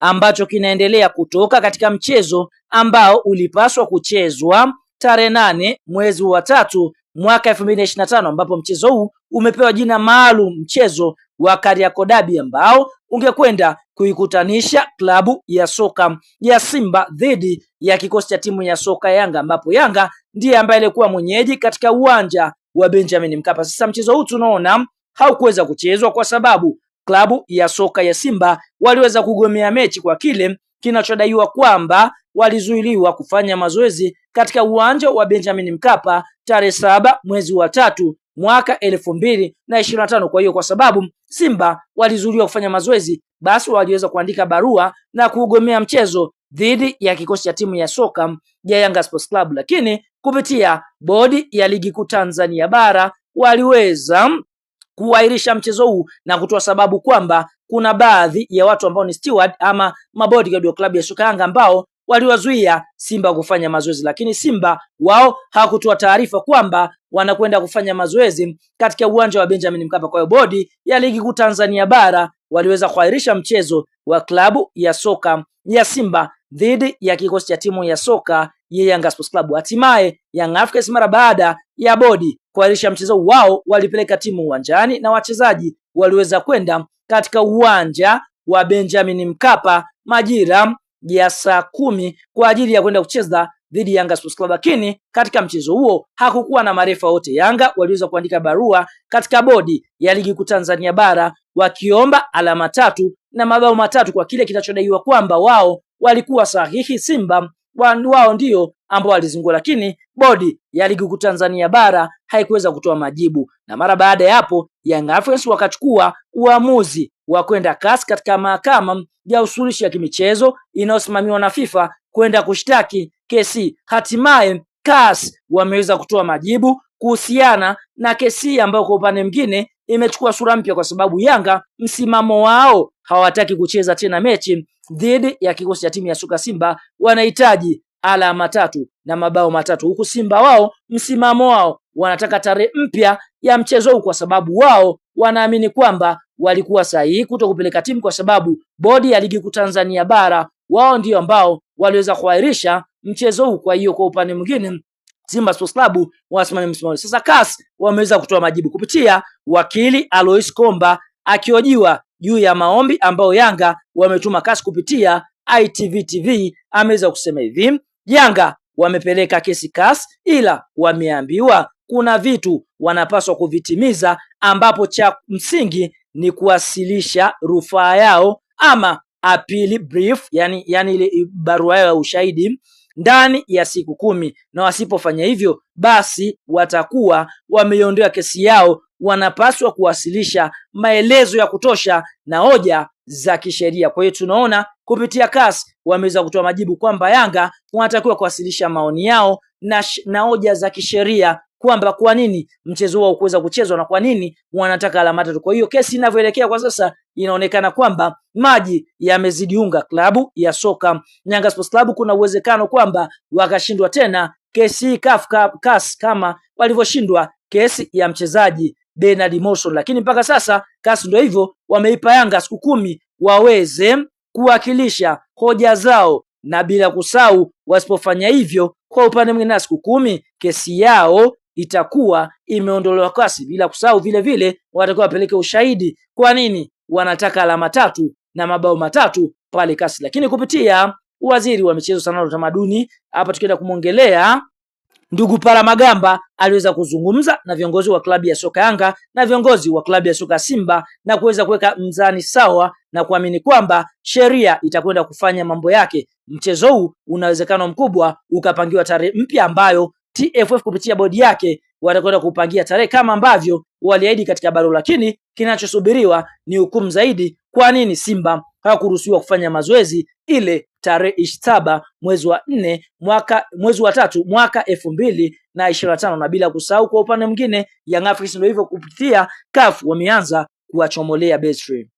ambacho kinaendelea kutoka katika mchezo ambao ulipaswa kuchezwa tarehe nane mwezi wa tatu mwaka 2025 ambapo mchezo huu umepewa jina maalum mchezo wa Kariakoo Dabi ambao ungekwenda kuikutanisha klabu ya soka ya Simba dhidi ya kikosi cha timu ya soka Yanga, ambapo Yanga ndiye ambaye alikuwa mwenyeji katika uwanja wa Benjamin Mkapa. Sasa mchezo huu tunaona haukuweza kuchezwa kwa sababu klabu ya soka ya Simba waliweza kugomea mechi kwa kile kinachodaiwa kwamba walizuiliwa kufanya mazoezi katika uwanja wa Benjamin Mkapa tarehe saba mwezi wa tatu mwaka elfu mbili na ishirini na tano. Kwa hiyo kwa sababu Simba walizuiliwa kufanya mazoezi, basi waliweza kuandika barua na kugomea mchezo dhidi ya kikosi cha timu ya soka ya Yanga Sports Club, lakini kupitia bodi ya ligi kuu Tanzania bara waliweza kuahirisha mchezo huu na kutoa sababu kwamba kuna baadhi ya watu ambao ni steward ama mabodyguard wa klabu ya soka Yanga ambao waliwazuia Simba kufanya mazoezi, lakini Simba wao hawakutoa taarifa kwamba wanakwenda kufanya mazoezi katika uwanja wa Benjamin Mkapa. Kwa hiyo bodi ya ligi kuu Tanzania bara waliweza kuahirisha mchezo wa klabu ya soka ya Simba dhidi ya kikosi cha timu ya soka ya Yanga Sports Club. Hatimaye Young Africans mara baada ya bodi kuahirisha mchezo wao, walipeleka timu uwanjani na wachezaji waliweza kwenda katika uwanja wa Benjamin Mkapa majira ya saa kumi kwa ajili ya kwenda kucheza dhidi ya Yanga Sports Club, lakini katika mchezo huo hakukuwa na marefa wote. Yanga waliweza kuandika barua katika bodi ya ligi kuu Tanzania bara wakiomba alama tatu na mabao matatu kwa kile kinachodaiwa kwamba wao walikuwa sahihi. Simba wao ndio ambao walizingua, lakini bodi ya ligi kuu Tanzania bara haikuweza kutoa majibu, na mara baada ya hapo Young Africans wakachukua uamuzi wa kwenda CAS katika mahakama ya usuluhishi ya kimichezo inayosimamiwa na FIFA kwenda kushtaki kesi. Hatimaye CAS wameweza kutoa majibu kuhusiana na kesi ambayo kwa upande mwingine imechukua sura mpya, kwa sababu Yanga msimamo wao hawataki kucheza tena mechi dhidi ya kikosi cha timu ya soka Simba, wanahitaji alama tatu na mabao matatu, huku Simba wao msimamo wao wanataka tarehe mpya ya mchezo huu, kwa sababu wao wanaamini kwamba walikuwa sahihi kuto kupeleka timu, kwa sababu bodi ya ligi kuu Tanzania bara wao ndio ambao waliweza kuahirisha mchezo huu. Kwa hiyo kwa upande mwingine Simba Sports Club wanasimamia msimamo. Sasa CAS wameweza kutoa majibu kupitia wakili Alois Komba akiojiwa juu ya maombi ambayo Yanga wametuma CAS kupitia ITV TV, ameweza kusema hivi: Yanga wamepeleka kesi CAS, ila wameambiwa kuna vitu wanapaswa kuvitimiza, ambapo cha msingi ni kuwasilisha rufaa yao ama appeal brief, yani yani ile barua yao ya ushahidi ndani ya siku kumi, na wasipofanya hivyo basi watakuwa wameiondoa kesi yao. Wanapaswa kuwasilisha maelezo ya kutosha na hoja za kisheria. Kwa hiyo tunaona kupitia CAS wameweza kutoa majibu kwamba Yanga wanatakiwa kuwasilisha maoni yao na hoja za kisheria kwamba kwa nini mchezo wao kuweza kuchezwa na kwa nini wanataka alama tatu. Kwa hiyo kesi inavyoelekea kwa sasa, inaonekana kwamba maji yamezidiunga klabu ya soka Yanga Sports Club. Kuna uwezekano kwamba wakashindwa tena kesi hii CAF CAS kama walivyoshindwa kesi ya mchezaji Bernard Morrison, lakini mpaka sasa CAS ndio hivyo wameipa Yanga siku kumi waweze kuwakilisha hoja zao, na bila kusahau wasipofanya hivyo, kwa upande mwingine na siku kumi kesi yao itakuwa imeondolewa kasi, bila kusahau vile vile watakiwa wapeleke ushahidi kwa nini wanataka alama tatu na mabao matatu pale kasi. Lakini kupitia waziri wa michezo, sanaa na utamaduni, hapa tukienda kumwongelea ndugu Palamagamba aliweza kuzungumza na viongozi wa klabu ya soka Yanga na viongozi wa klabu ya soka Simba na kuweza kuweka mzani sawa na kuamini kwamba sheria itakwenda kufanya mambo yake. Mchezo huu una mkubwa ukapangiwa tarehe mpya ambayo TFF kupitia bodi yake watakwenda kupangia tarehe kama ambavyo waliahidi katika baro, lakini kinachosubiriwa ni hukumu zaidi. Kwa nini Simba hawakuruhusiwa kufanya mazoezi ile tarehe ishirini na saba mwezi wa nne mwaka mwezi wa tatu mwaka elfu mbili na ishirini na tano na bila kusahau kwa upande mwingine Young Africans ndio hivyo kupitia CAF wameanza kuwachomolea Misri.